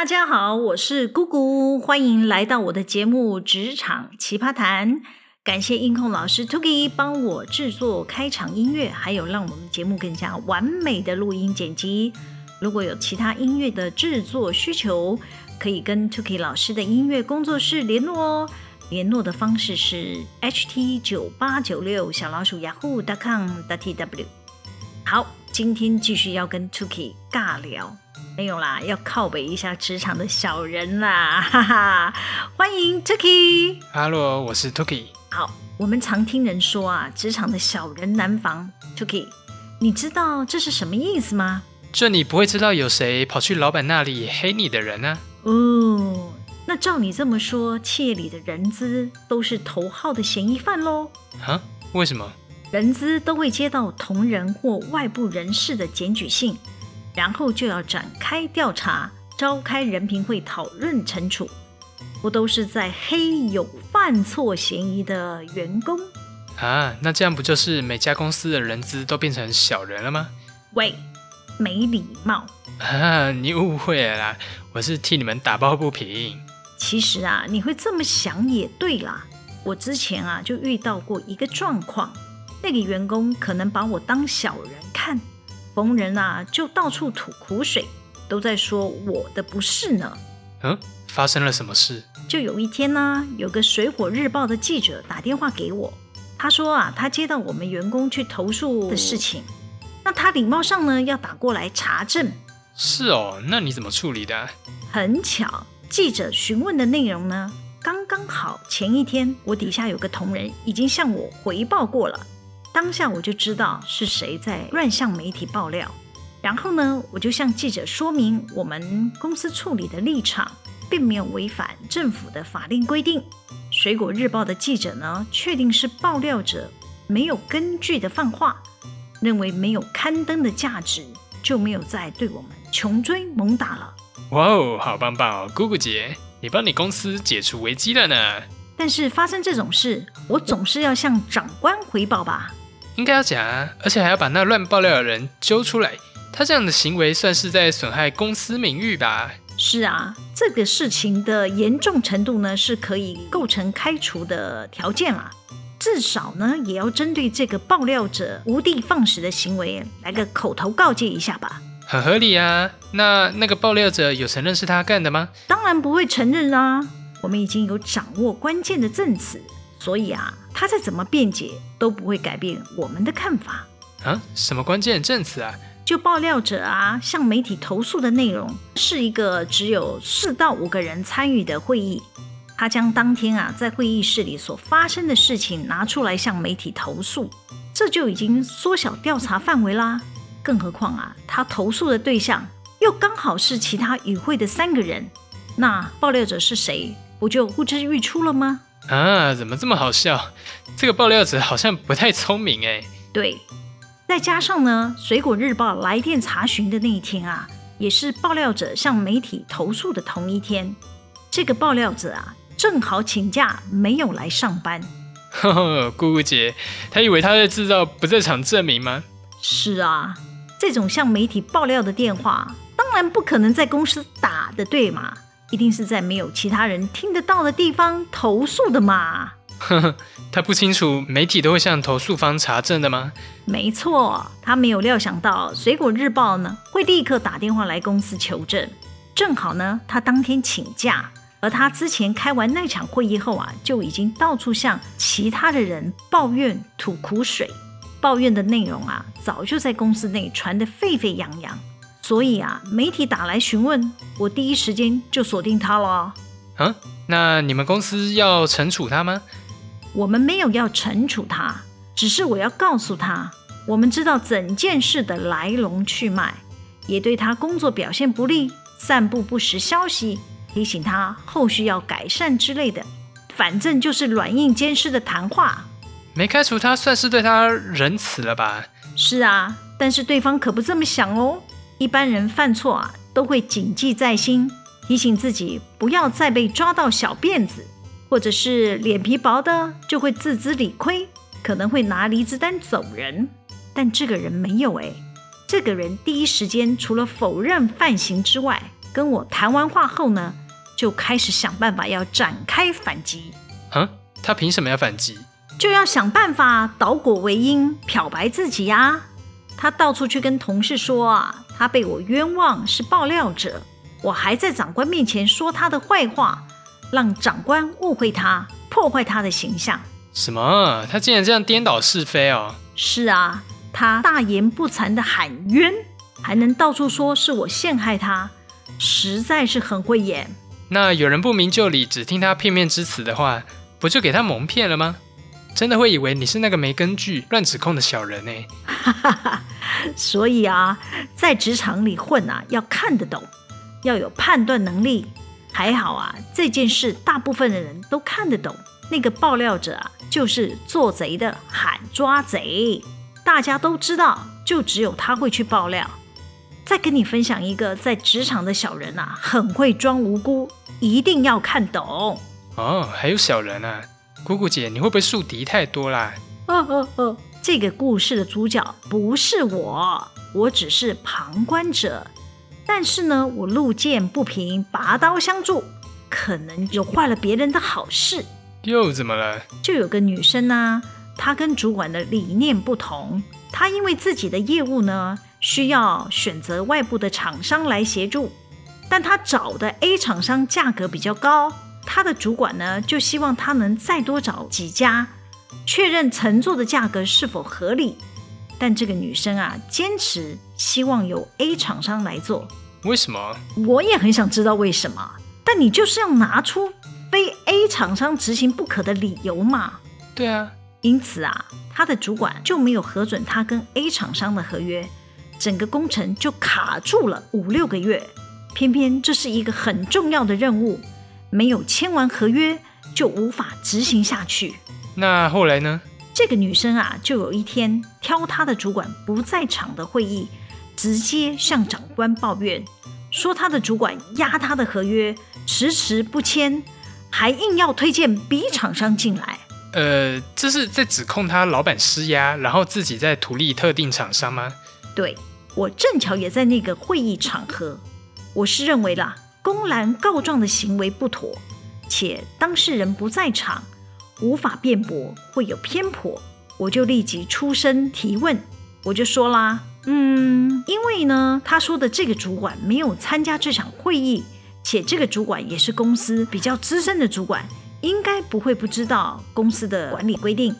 大家好，我是 Gugu，歡迎來到我的節目《職場奇葩談》。感謝音控老師 Tokey 幫我制作開場音樂，還有讓我們節目更加完美的錄音剪輯。如果有其他音樂的制作需求，可以跟 Tokey 老師的音樂工作室聯絡哦。聯絡的方式是 ht 九八九六小老鼠 yahoo.com.tw。好。今天繼續要跟 Tokey 尬聊，沒有啦，要靠北一下職場的小人啦，哈哈！歡迎 Tokey，哈嘍，Hello, 我是 Tokey。好，我們常聽人說啊，職場的小人難防。Tokey，你知道這是什麼意思嗎？這你不會知道有誰跑去老闆那裡黑你的人呢、啊？哦，那照你這麼說，企業裡的人資都是頭號的嫌疑犯嘍？啊？為什麼？人資都會接到同仁或外部人士的檢舉信，然後就要展開調查，召開人評會討論懲處，不都是在黑有犯錯嫌疑的員工啊？那這樣不就是每家公司的人資都變成小人了嗎？喂，沒禮貌！啊，你誤會了啦，我是替你們打抱不平。其實啊，你會這麼想也對啦，我之前啊就遇到過一個狀況。那個員工可能把我當小人看，逢人啊就到處吐苦水，都在說我的不是呢。嗯，發生了什麼事？就有一天呢、啊，有個《水果日報》的記者打電話給我，他說啊，他接到我們員工去投訴的事情，那他禮貌上呢要打過來查證。是哦，那你怎麼處理的？很巧，記者詢問的內容呢，剛剛好前一天我底下有個同仁已經向我回報過了。當下我就知道是誰在亂向媒體爆料，然後呢，我就向記者說明我們公司處理的立場，並沒有違反政府的法令規定。水果日報的記者呢，確定是爆料者沒有根據的放話，認為沒有刊登的價值，就沒有再對我們窮追猛打了。哇哦，好棒棒哦，Gugu 姊，你幫你公司解除危機了呢。但是發生這種事，我總是要向長官回報吧？應該要講啊，而且還要把那亂爆料的人揪出來。他這樣的行為算是在損害公司名譽吧？是啊，這個事情的嚴重程度呢，是可以構成開除的條件啦。至少呢，也要針對這個爆料者無的放矢的行為來個口頭告誡一下吧。很合理啊。那那個爆料者有承認是他幹的嗎？當然不會承認啦、啊。我們已經有掌握關鍵的證詞。所以啊，他再怎麼辯解都不會改變我們的看法。啊，什麼關鍵證詞啊？就爆料者啊向媒體投訴的內容，是一個只有四到五個人參與的會議。他將當天啊在會議室裡所發生的事情拿出來向媒體投訴，這就已經縮小調查範圍啦。更何況啊，他投訴的對象又剛好是其他與會的三個人，那爆料者是誰，不就呼之欲出了嗎？啊，怎麼這麼好笑？這個爆料者好像不太聰明哎。對，再加上呢，水果日報來電查詢的那一天啊，也是爆料者向媒體投訴的同一天。這個爆料者啊，正好請假沒有來上班。呵呵，姑姑姐，他以為他在製造不在場證明嗎？是啊，這種向媒體爆料的電話，當然不可能在公司打的，對，對嗎？一定是在沒有其他人聽得到的地方投訴的嘛？呵呵，他不清楚媒體都會向投訴方查證的嗎？沒錯，他沒有料想到《水果日報》呢會立刻打電話來公司求證。正好呢，他當天請假，而他之前開完那場會議後啊，就已經到處向其他的人抱怨吐苦水。抱怨的內容啊，早就在公司內傳得沸沸揚揚。所以啊，媒體打來詢問，我第一時間就鎖定他了。嗯、啊，那你們公司要懲處他嗎？我們沒有要懲處他，只是我要告訴他，我們知道整件事的來龍去脈，也對他工作表現不利、散佈不實消息，提醒他後續要改善之類的。反正就是軟硬兼施的談話。沒開除他，算是對他仁慈了吧？是啊，但是對方可不這麼想哦。一般人犯錯啊，都會謹記在心，提醒自己不要再被抓到小辮子，或者是臉皮薄的就會自知理虧，可能會拿離職單走人。但這個人沒有哎、欸，這個人第一時間除了否認犯行之外，跟我談完話後呢，就開始想辦法要展開反擊。哼、啊，他憑什麼要反擊？就要想辦法倒果為因，漂白自己呀、啊。他到處去跟同事說啊。他被我冤枉，是爆料者，我還在長官面前說他的壞話，讓長官誤會他，破壞他的形象。什麼？他竟然這樣顛倒是非哦？是啊，他大言不慚的喊冤，還能到處說是我陷害他，實在是很會演。那有人不明就裡，只聽他片面之詞的話，不就給他蒙騙了嗎？真的會以為你是那個沒根據亂指控的小人呢，欸， 所以啊，在職場裡混啊，要看得懂，要有判斷能力。還好啊，這件事大部分的人都看得懂。那個爆料者啊，就是做賊的喊抓賊，大家都知道，就只有他會去爆料。再跟你分享一個在職場的小人啊，很會裝無辜，一定要看懂哦。還有小人啊。Gugu 姊，你會不會樹敵太多了？啊啊啊，這個故事的主角不是我，我只是旁觀者。但是呢，我路見不平，拔刀相助，可能有壞了別人的好事。又怎麼了？就有個女生呢、啊，她跟主管的理念不同，她因為自己的業務呢，需要選擇外部的廠商來協助，但她找的 A 廠商價格比較高。他的主管呢，就希望他能再多找幾家，確認承做的價格是否合理。但這個女生啊，堅持希望由 A 廠商來做。為什麼？我也很想知道為什麼。但你就是要拿出非 A 廠商執行不可的理由嘛。對啊。因此啊，他的主管就沒有核准他跟 A 廠商的合約，整個工程就卡住了五六個月。偏偏這是一個很重要的任務。沒有簽完合約就無法執行下去。那後來呢？這個女生啊，就有一天挑她的主管不在場的會議，直接向長官抱怨，說她的主管壓她的合約，遲遲不簽，還硬要推薦 B 廠商進來。呃，這是在指控她老板施壓，然後自己在圖利特定廠商嗎？對，我正巧也在那個會議場合，我是認為啦。公然告狀的行為不妥，且當事人不在場，無法辯駁，會有偏頗。我就立即出聲提問，我就說啦，嗯，因為呢，他說的這個主管沒有參加這場會議，且這個主管也是公司比較資深的主管，應該不會不知道公司的管理規定，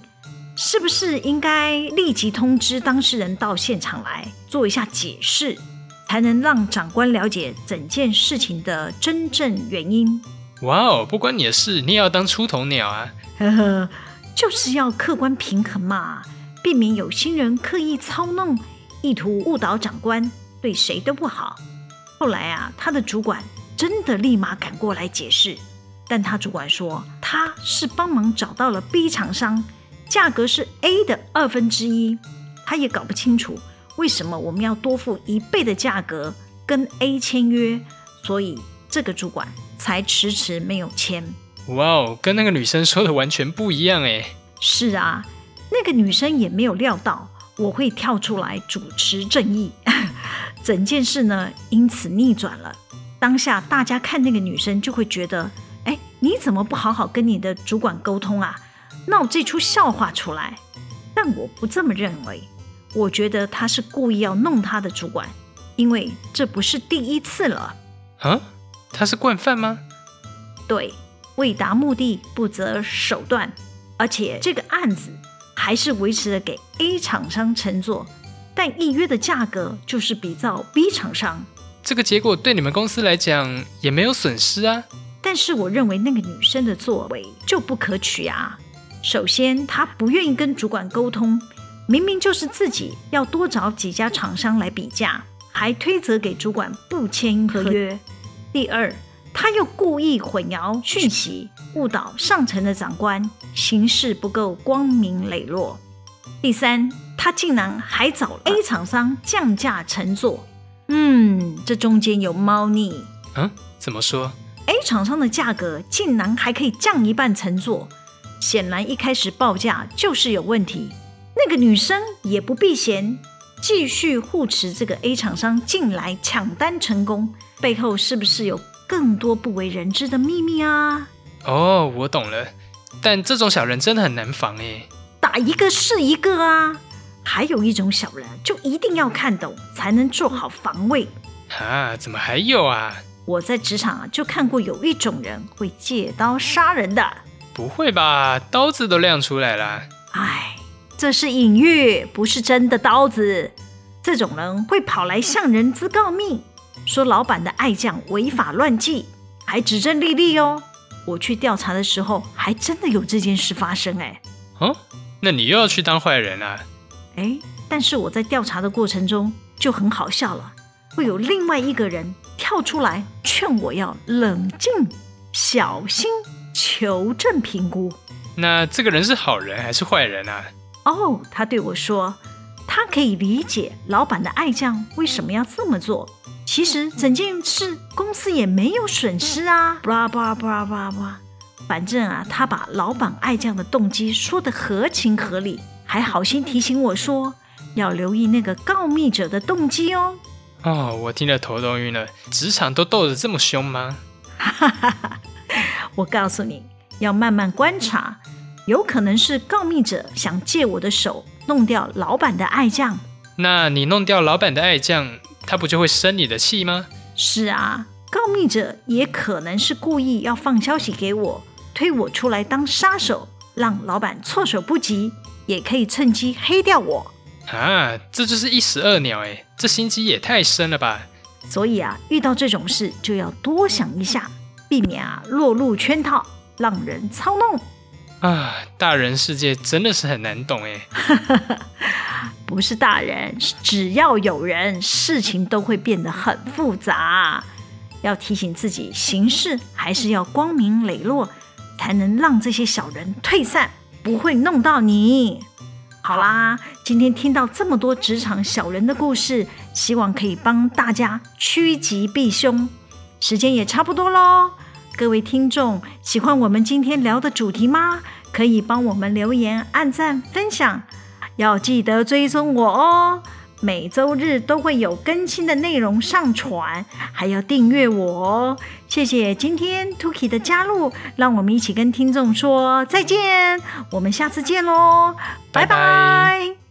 是不是應該立即通知當事人到現場來做一下解釋？才能讓長官了解整件事情的真正原因。哇哦，不關你的事，你也要當出頭鳥啊！呵呵，就是要客觀平衡嘛，避免有心人刻意操弄，意圖誤導長官，對誰都不好。後來啊，他的主管真的立馬趕過來解釋，但他主管說他是幫忙找到了 B 廠商，價格是 A 的二分之一，他也搞不清楚。為什麼我們要多付一倍的價格跟 A 簽約？所以這個主管才遲遲沒有簽。哇，wow, 跟那個女生說的完全不一樣哎。是啊，那個女生也沒有料到我會跳出來主持正義， 整件事呢因此逆轉了。當下大家看那個女生就會覺得，哎，你怎麼不好好跟你的主管溝通啊？鬧這出笑話出來。但我不這麼認為。我覺得他是故意要弄他的主管，因為這不是第一次了。啊，他是慣犯嗎？對，為達目的不擇手段，而且這個案子還是維持了給 A 廠商承做，但預約的價格就是比照 B 廠商。這個結果對你們公司來講也沒有損失啊。但是我認為那個女生的作為就不可取啊。首先，她不願意跟主管溝通。明明就是自己要多找幾家廠商來比價，還推責給主管不簽合約。第二，他又故意混淆訊息，誤導上層的長官，行事不夠光明磊落。嗯、第三，他竟然還找 A 廠商降價承做。嗯，這中間有貓膩。嗯、啊，怎麼說？A 廠商的價格竟然還可以降一半承做，顯然一開始報價就是有問題。那個女生也不避嫌，繼續護持這個 A 廠商進來搶單成功，背後是不是有更多不為人知的秘密啊？哦，我懂了，但這種小人真的很難防耶。打一個是一個啊。還有一種小人，就一定要看懂才能做好防衛。啊？怎麼還有啊？我在職場啊，就看過有一種人會借刀殺人的。不會吧？刀子都亮出來了。哎。這是隱喻，不是真的刀子。這種人會跑來向人資告密，說老板的愛將違法亂紀，還指證歷歷哦。我去調查的時候，還真的有這件事發生哎。哦，那你又要去當壞人了啊？哎，但是我在調查的過程中就很好笑了，會有另外一個人跳出來勸我要冷靜、小心、求證評估。那這個人是好人還是壞人啊？哦，oh, 他對我說，他可以理解老板的愛將為什麼要這麼做。其實整件事公司也沒有損失啊，布拉布拉布拉布拉。反正啊，他把老板愛將的動機說得合情合理，還好心提醒我說要留意那個告密者的動機哦。哦，oh, 我聽得頭都暈了，職場都鬥得這麼兇嗎？哈哈哈哈哈！我告訴你要慢慢觀察。有可能是告密者想借我的手弄掉老闆的愛將。那你弄掉老闆的愛將，他不就會生你的氣嗎？是啊，告密者也可能是故意要放消息給我，推我出來當殺手，讓老闆措手不及，也可以趁機黑掉我。啊，這就是一石二鳥，哎，這心機也太深了吧！所以啊，遇到這種事就要多想一下，避免啊，落入圈套，讓人操弄。啊，大人世界真的是很難懂哎！ 不是大人，只要有人，事情都會變得很複雜。要提醒自己，行事還是要光明磊落，才能讓這些小人退散，不會弄到你。好啦，今天聽到這麼多職場小人的故事，希望可以幫大家趨吉避凶。時間也差不多嘍。各位聽眾，喜歡我們今天聊的主題嗎？可以幫我們留言、按讚、分享，要記得追蹤我哦。每週日都會有更新的內容上傳，還要訂閱我哦！謝謝今天 Tokey 的加入，讓我們一起跟聽眾說再見，我們下次見嘍，拜拜。拜拜。